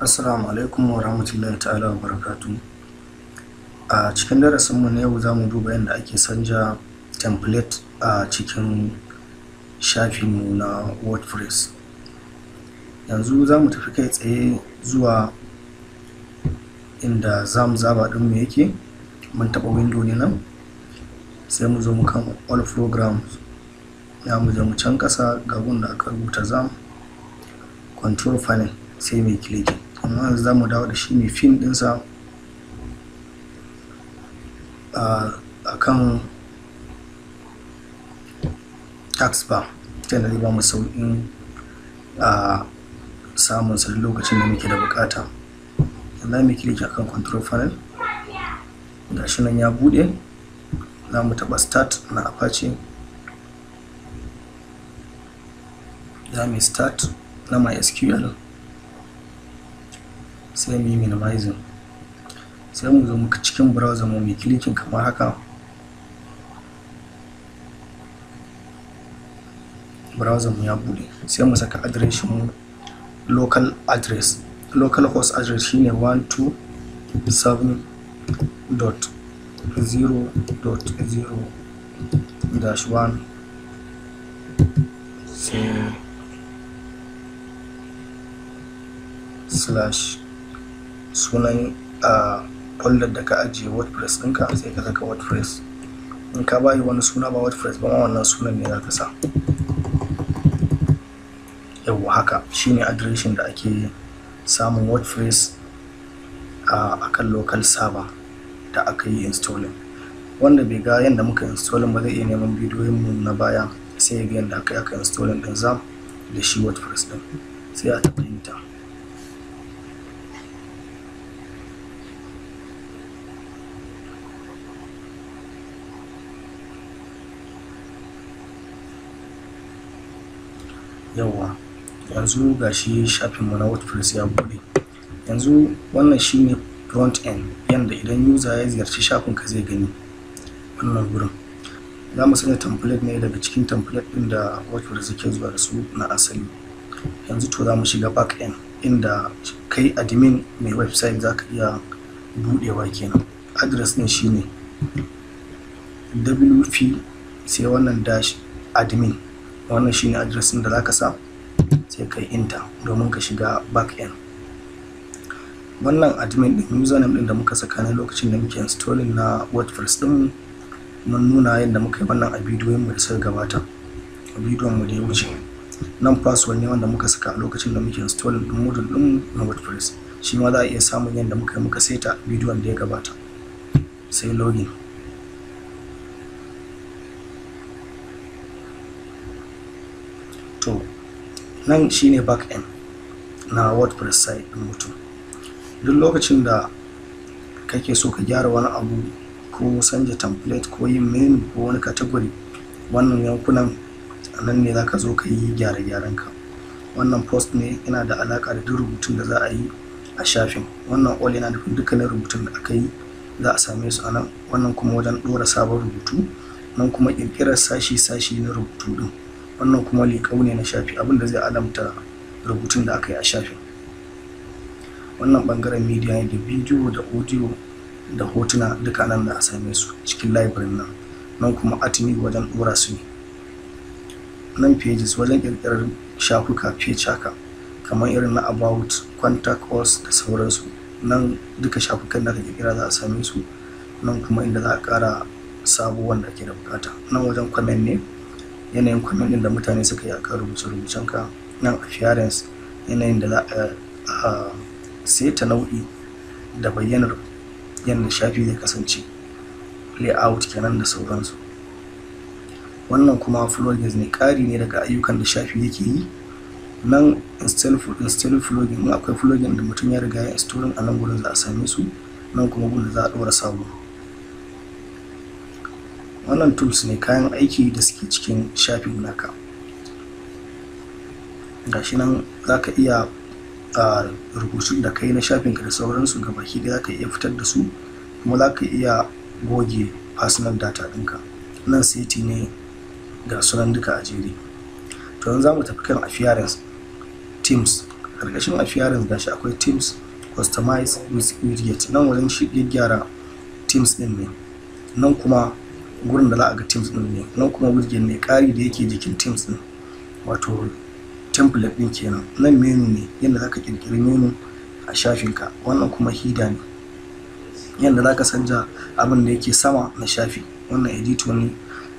Assalamu alaikum wa rahmatullahi ta'ala wa barakatu. A cikin darasinmu na yau za mu duba yadda ake sanja template a cikin shafinmu na WordPress. Yanzu za mu tafi kai tsaye zuwa inda za mu zaba mu yake, mun taɓa window ne nan, sai mu zo mu kan all programs, ya mu je mu can kasa ga da aka rubuta zam, control panel sai mai kiliki. amma yanzu za mu dawo da shi ne fim dinsa a kan tax bar yana zai ba mu sauƙin a samun sa lokacin da muke da bukata za mu kirki akan control panel ga shi nan ya bude za mu taɓa start na apache za mu start na mysql sai mu yi minimizing sai mu zo muka cikin browser mu mai clicking kamar haka browser mu ya bude sai mu saka address mu local address local host address shine 127.0.0-1 sai slash sunan a folder da ka ajiye wordpress ɗinka sai ka saka wordpress in ka bayi wani suna ba wordpress ba wannan sunan ne za ka sa yau haka shine adireshin da ake samun wordpress a kan local server da aka yi installing wanda bai ga yadda muka installing ba zai iya neman mu na baya sai ya ga yadda aka yi aka installing ɗin za da shi wordpress ɗin sai a tafi yawa yanzu ga shi shafinmu na wordpress ya buɗe yanzu wannan shi ne front end yanda idan user ya ziyarci shafin ka zai gani wannan gurin za mu sanya template ne daga cikin template ɗin da wordpress yake zuwa da su na asali yanzu to za mu shiga back end inda kai admin mai website za ka iya buɗewa kenan address ne. shine wp sai wannan dash admin wannan shine address da zaka sa sai kai enter domin ka shiga back end wannan admin din username din da muka saka na lokacin da muke installing na WordPress din mun nuna yadda muka yi wannan a bidiyon mu da gabata a bidiyon mu da ya wuce nan password ne wanda muka saka lokacin da muke installing din module din na WordPress shi ma za a iya samun yadda muka yi muka seta bidiyon da ya gabata sai login nan shine back end na wordpress site in mutu duk lokacin da kake so ka gyara wani abu ko sanja template ko yin menu ko wani category wannan yankunan nan ne za ka zo ka yi gyara gyaren ka wannan post ne yana da alaka da duk rubutun da za a yi a shafin wannan all yana nufin dukkanin rubutun da aka yi za a same su a nan wannan kuma wajen ɗora sabon rubutu nan kuma ƙirƙirar sashi-sashi na rubutu din. wannan kuma liƙau ne na shafi abinda zai alamta rubutun da aka yi a shafi. wannan ɓangaren media ne da bidiyo da audio da hotuna duka nan da a same su cikin library nan nan kuma atini wajen ɗora su ne nan pages wajen ƙirƙirar shafuka page haka kamar irin na about contact us da sauransu nan duka shafukan da aka ƙirƙira za a same su nan kuma inda za a ƙara sabuwan da ke da bukata nan wajen comment ne yanayin comment din da mutane suka yi akan rubuce-rubucen ka nan appearance yanayin da za a seta nau'i da bayyanar yadda shafi zai kasance layout kenan da sauransu wannan kuma flogging ne ƙari ne daga ayyukan da shafi yake yi nan install install akwai flogin da mutum ya riga ya installing a nan gurin za a same su nan kuma gudun za a ɗora sabo wannan tools ne kayan aiki da suke cikin shafin naka gashi nan za ka iya a rubutun da kai na shafin ka da sauransu ga baki da za ka iya fitar da su kuma za ka iya goge personal data ɗinka nan city ne ga sunan duka a jere to yanzu za mu tafi kan appearance teams ƙarƙashin appearance gashi akwai teams customize with widget nan wajen shi gyara teams ɗin ne nan kuma gurin da za a ga teams din ne nan kuma widget ne kari da yake jikin teams din wato template din kenan nan menu ne yadda za ka ƙirƙiri menu a shafinka wannan kuma hida ne yadda za ka canja abin da yake sama na shafi wannan editor ne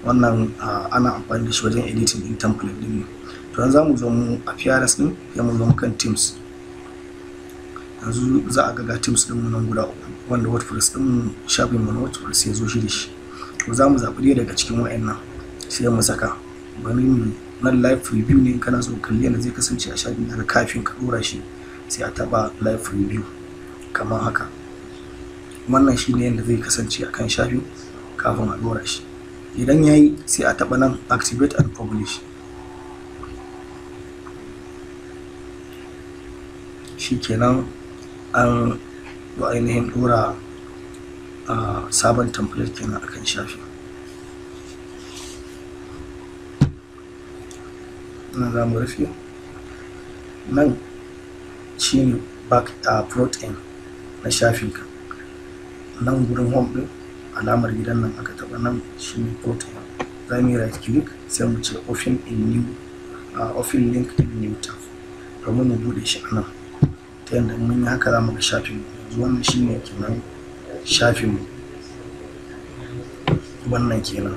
wannan ana amfani da shi wajen editing din template din ne to yanzu za mu zo mu prs din ya mu zo mu kan teams yanzu za a ga ga teams din mu nan guda uku wanda wordpress din shafin mu na wordpress ya zo shi da shi za mu zaɓi ɗaya daga cikin wa'annan sai mu saka bari mu nan live review ne kana so kalli yadda zai kasance a shafin daga kafin ka ɗora shi sai a taɓa live review kamar haka wannan shi ne yadda zai kasance a kan shafin kafin a ɗora shi idan yayi sai a taɓa nan activate and publish shi kenan an ainihin ɗora sabon template kenan akan shafi nan za mu rufe nan shi ne back a protein na shafinka nan gurin home ɗin alamar gidan nan aka taba nan shi ne protein za mu yi right click sai mu ce open in new open link in new tab domin mu bude shi a nan ta yadda mun yi haka za mu ga shafin yanzu wannan shi ne kenan shafinmu wannan kenan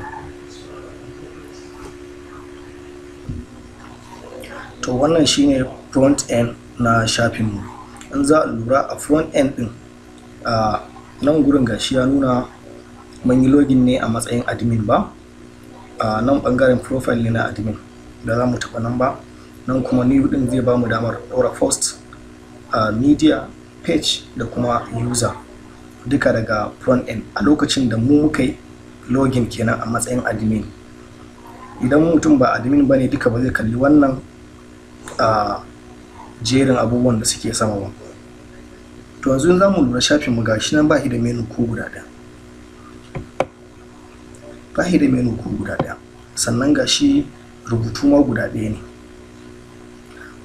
to wannan shine front end na shafinmu in za a lura a front end din a nan gurin gashi ya nuna mun yi login ne a matsayin admin ba a nan bangaren profile ne na admin da za mu taɓa nan ba nan kuma new din zai ba mu damar daura post a media page da kuma user duka daga front end a lokacin da mu muka yi login kenan a matsayin admin idan mutum ba admin ba ne duka ba zai kalli wannan a jerin abubuwan da suke sama ba to yanzu za mu lura shafin mu gashi nan ba da menu ko guda ɗaya ba da menu ko guda ɗaya sannan gashi rubutu ma guda ɗaya ne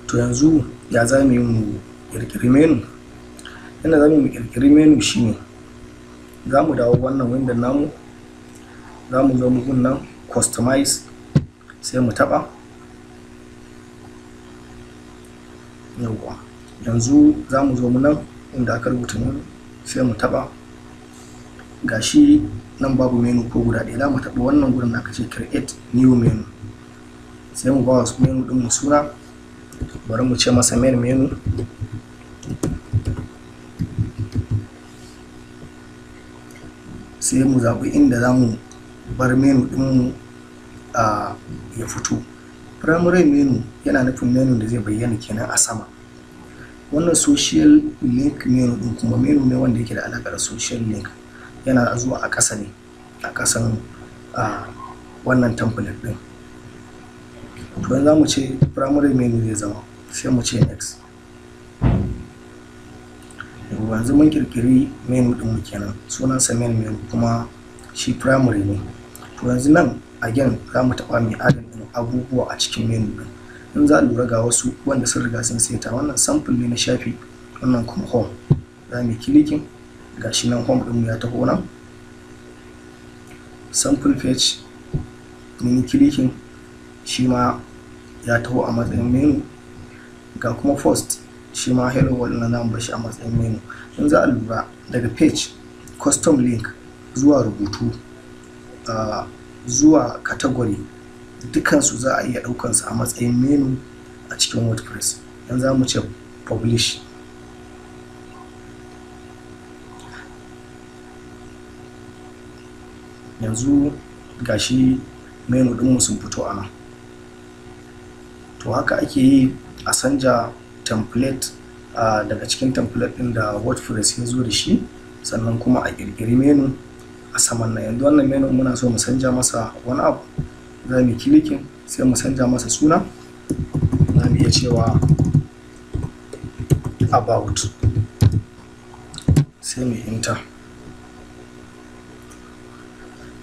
to yanzu ya za mu yi mu ƙirƙiri menu yadda za mu yi mu ƙirƙiri menu shine za mu dawo wannan window namu za mu zo mugun nan customize sai mu taba yauwa yanzu za mu zo mu nan inda aka rubuta menu sai mu taba gashi nan babu menu ko guda ɗaya za mu taba wannan gurin da aka ce create new menu sai mu ba wa menu ɗin mu suna bari mu ce masa main menu sai mu zaɓi inda za mu bar menu ɗinmu ya fito primary menu yana nufin menu da zai bayyana kenan a sama wannan social link menu ɗin kuma menu ne wanda yake da alaƙa da social link yana zuwa a ƙasa ne a ƙasan wannan template ɗin to za mu ce primary menu zai zama sai mu ce next yanzu mun kirkiri menu din mu kenan sunan main menu kuma shi primary ne to yanzu nan again za mu taɓa mai adin abubuwa a cikin menu ɗin in za lura ga wasu wanda sun riga sun seta wannan sample ne na shafi wannan kuma home za mu yi kilikin ga shi nan home ɗinmu ya taho nan sample page mun yi shi ma ya taho a matsayin menu ga kuma first shi ma hello world na zamu bashi a matsayin menu in za a lura daga page custom link zuwa rubutu zuwa category dukansu za a iya ɗaukansu a matsayin menu a cikin wordpress yanzu za mu ce publish yanzu gashi menu ɗinmu sun fito a nan to haka ake yi a sanja template daga cikin template ɗin da wordpress ya zo da shi sannan kuma a ƙirƙiri menu a saman na yanzu wannan menu muna so mu canja masa wani abu za mu kilikin sai mu canja masa suna za mu iya cewa about sai mu enter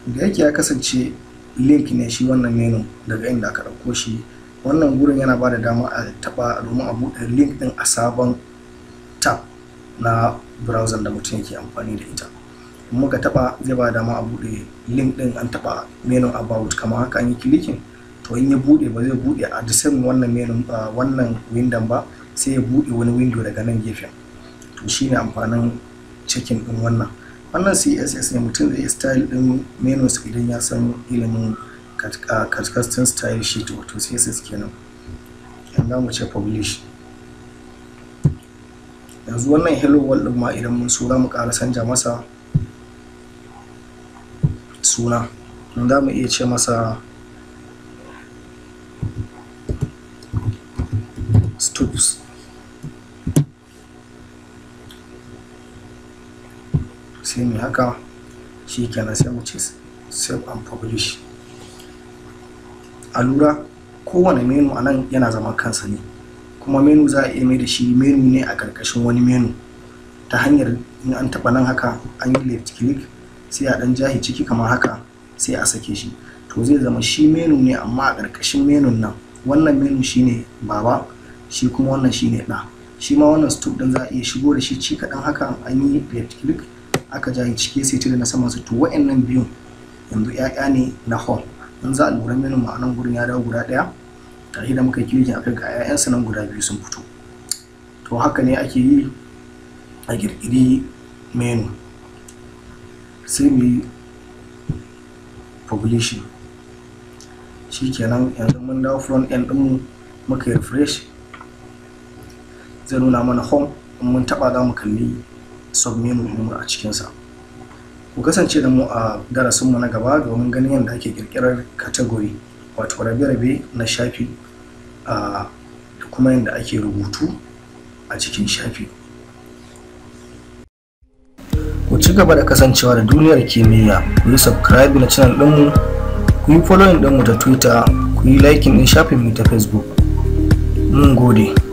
da yake ya kasance link ne shi wannan menu daga inda aka ɗauko shi wannan gurin yana ba da dama a taba domin a buɗe link ɗin a sabon tab na browser da mutum yake amfani da ita in muka taba zai ba dama a buɗe link ɗin an taba menu about kamar haka an yi clicking to in ya buɗe ba zai buɗe a the wannan menu wannan window ba sai ya buɗe wani window daga nan gefen to shine amfanin checking ɗin wannan wannan css ne mutum zai style ɗin menus idan ya san ilimin custom style sheet wato css kenan za mu ce publish yanzu wannan hello world din ma idan mun so mu ƙara canja masa suna za mu iya ce masa stoops sai mu haka shi kenan sai mu ce save and publish a lura kowane menu a nan yana zaman kansa ne kuma menu za a iya mai da shi menu ne a ƙarƙashin wani menu ta hanyar in an taɓa nan haka an yi left click sai a ɗan jahi ciki kamar haka sai a sake shi to zai zama shi menu ne amma a ƙarƙashin menu nan wannan menu shi ne baba shi kuma wannan shi ne ɗa shi ma wannan stop ɗin za a iya shigo da shi ci kaɗan haka an yi left click aka jahi ciki sai ta da na saman su to wa'annan biyun yanzu 'ya'ya ne na home in za a lura menu ma nan gurin ya dawo guda ɗaya tare da muka yi kirgin akai ga 'ya'yansa nan guda biyu sun fito to haka ne ake yi a girgiri menu sai mu yi publishing shikenan yanzu mun dawo front end ɗinmu muka yi refresh zai nuna mana home in mun taɓa za mu kalli submenu ɗinmu a cikinsa ku kasance da mu a darasin mu na gaba domin ganin yadda ake kirkirar category wato rabe-rabe na shafi da kuma yadda ake rubutu a cikin shafi ku ci gaba da kasancewa da duniyar kimiyya ku yi subscribe na channel ɗinmu ku yi following ɗinmu ta twitter ku yi liking ɗin shafin mu ta facebook mun gode